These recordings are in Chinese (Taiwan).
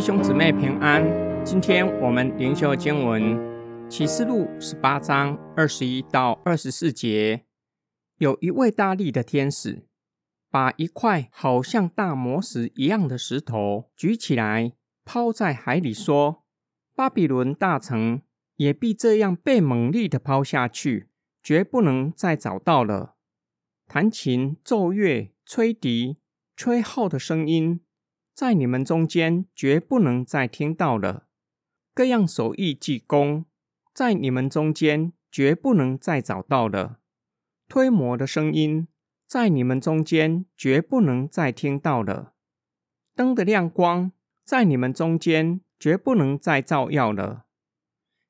弟兄姊妹平安，今天我們靈修經文《啟示錄》十八章二十一到二十四節，有一位大力的天使，把一塊好像大磨石一樣的石頭舉起來，拋在海裡，說：“巴比倫大城也必這樣被猛力地拋下去，絕不能再找到了。”彈琴、奏樂、吹笛、吹號的聲音。在你們中間，絕不能再聽到了。各樣手藝技工，在你們中間，絕不能再找到了。推磨的聲音，在你們中間，絕不能再聽到了。燈的亮光，在你們中間，絕不能再照耀了。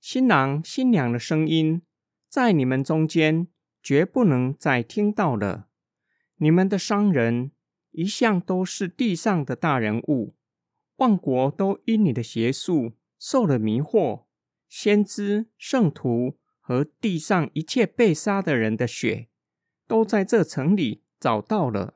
新郎新娘的聲音，在你們中間，絕不能再聽到了。你們的商人。一向都是地上的大人物，萬國都因你的邪術受了迷惑。先知、聖徒和地上一切被殺的人的血，都在這城裡找到了。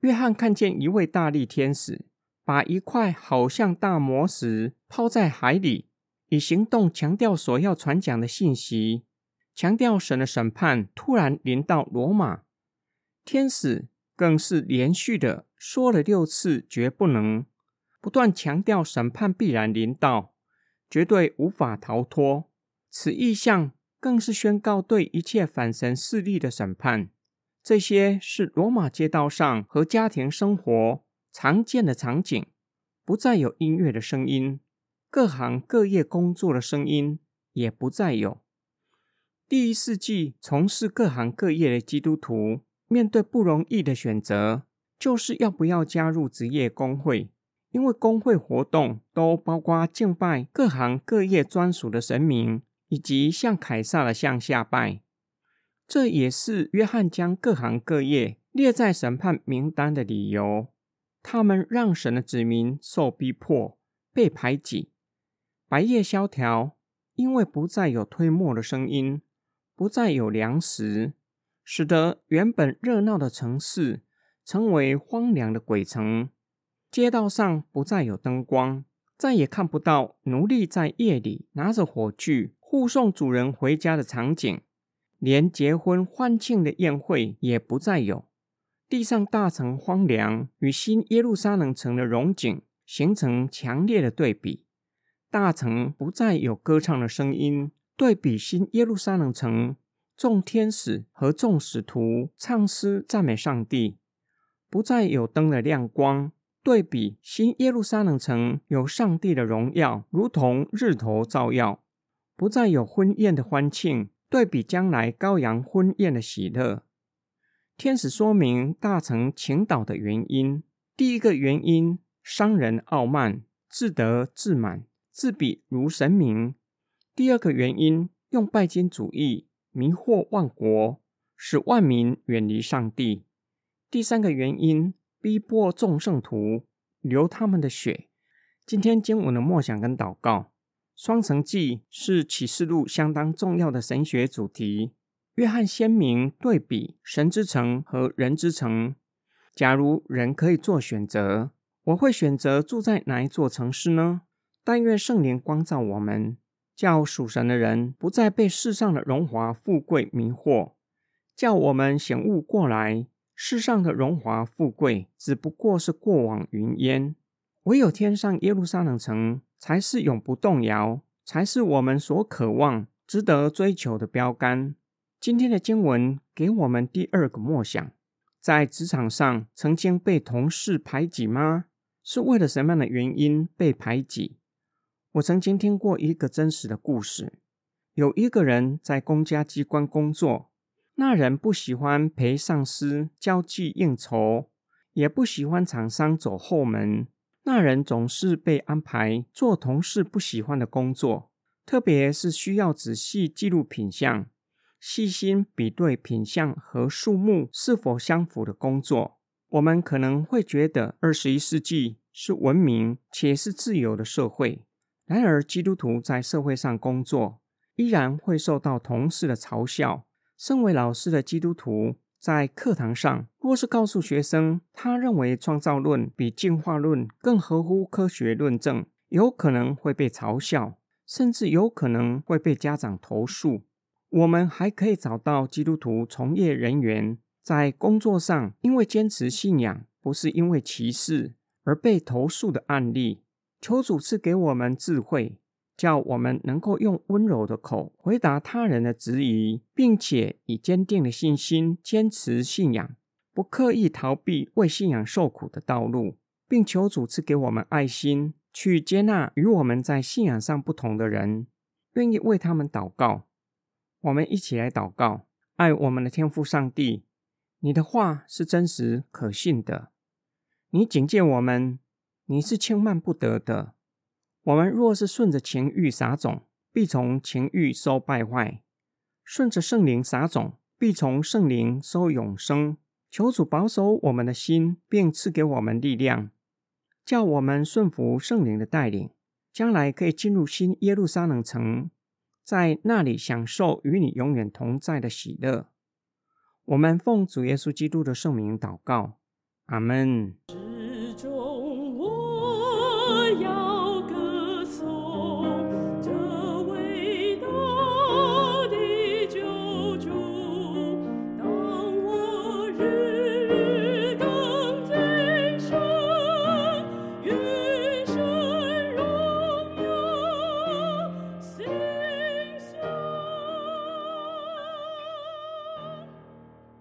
約翰看見一位大力天使，把一塊好像大磨石拋在海裡，以行動強調所要傳講的信息，強調神的審判突然臨到羅馬。天使。更是連續的說了六次「絕不能」，不斷強調審判必然臨到，絕對無法逃脫。此異象更是宣告對一切反神勢力的審判。這些是羅馬街道上和家庭生活常見的場景，不再有音樂的聲音，各行各業工作的聲音也不再有。第一世紀從事各行各業的基督徒。面對不容易的選擇，就是要不要加入職業公會。因為公會活動都包括敬拜各行各業專屬的神明，以及向凱撒的像下拜。這也是約翰將各行各業列在審判名單的理由。他們讓神的子民受逼迫，被排擠，百業蕭條，因為不再有推磨的聲音，不再有糧食。使得原本熱鬧的城市成為荒涼的鬼城，街道上不再有燈光，再也看不到奴隸在夜裡拿着火炬護送主人回家的場景，連結婚歡慶的宴會也不再有。地上大城荒涼，與新耶路撒冷城的榮景形成強烈的對比。大城不再有歌唱的聲音，對比新耶路撒冷城。眾天使和眾使徒唱詩讚美上帝。不再有燈的亮光，對比新耶路撒冷城有上帝的榮耀，如同日頭照耀；不再有婚宴的歡慶，對比將來羔羊婚宴的喜樂。天使說明大城傾倒的原因：第一個原因，商人傲慢、自得自滿、自比如神明；第二個原因，用拜金主義。迷惑萬國，使萬民遠離上帝。第三個原因，逼迫眾聖徒，流他們的血。今天經文的默想跟禱告，雙城記是啟示錄相當重要的神學主題。約翰鮮明對比神之城和人之城。假如人可以做選擇，我會選擇住在哪一座城市呢？但願聖靈光照我們。叫屬神的人不再被世上的榮華富貴迷惑，叫我們醒悟過來，世上的榮華富貴只不過是過往雲煙，唯有天上耶路撒冷城才是永不動搖，才是我們所渴望、值得追求的標杆。今天的經文給我們第二個默想：在職場上曾經被同事排擠嗎？是為了什麼樣的原因被排擠？我曾經聽過一個真實的故事：有一個人在公家機關工作，那人不喜歡陪上司交際應酬，也不喜歡廠商走後門。那人總是被安排做同事不喜歡的工作，特別是需要仔細記錄品項、細心比對品項和數目是否相符的工作。我們可能會覺得，二十一世紀是文明且是自由的社會。然而，基督徒在社會上工作，依然會受到同事的嘲笑。身為老師的基督徒，在課堂上若是告訴學生，他認為創造論比進化論更合乎科學論證，有可能會被嘲笑，甚至有可能會被家長投訴。我們還可以找到基督徒從業人員在工作上，因為堅持信仰不是因為歧視而被投訴的案例。求主賜給我們智慧，叫我們能夠用溫柔的口回答他人的質疑，並且以堅定的信心堅持信仰，不刻意逃避為信仰受苦的道路，並求主賜給我們愛心，去接納與我們在信仰上不同的人，願意為他們禱告。我們一起來禱告：愛我們的天父上帝，你的話是真實可信的，你警戒我們。你是輕慢不得的。我們若是順着情慾撒種，必從情慾收敗壞；順着聖靈撒種，必從聖靈收永生。求主保守我們的心，並賜給我們力量，叫我們順服聖靈的帶領，將來可以進入新耶路撒冷城，在那裡享受與你永遠同在的喜樂。我們奉主耶穌基督的聖名禱告，阿門。